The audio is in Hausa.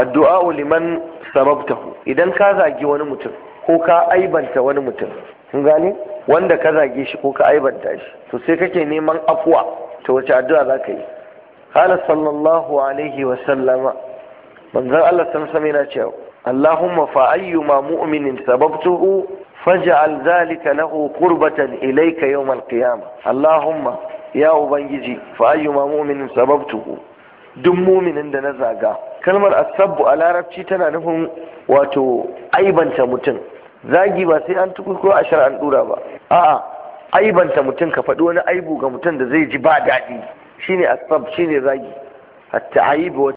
addu'a liman sababtahu idan ka zagi wani mutum ko ka aibanta wani mutum kun gane wanda ka zage shi ko ka aibanta shi to sai kake neman afuwa to wace addu'a za ka yi qala sallallahu alaihi wa sallama manzon Allah san sami na cewa Allahumma fa ayyuma mu'minin sababtuhu faj'al zalika lahu qurbatan ilayka yawm al Allahumma ya ubangiji fa ayyuma mu'minin sababtuhu duk mu'minin da na zaga kalmar asabbu a larabci tana nufin wato aibanta mutum zagi ba sai an tukurko a an dura ba a'a aibanta mutum ka faɗi wani aibu ga mutum da zai ji ba daɗi shine asab shine zagi hatta aibu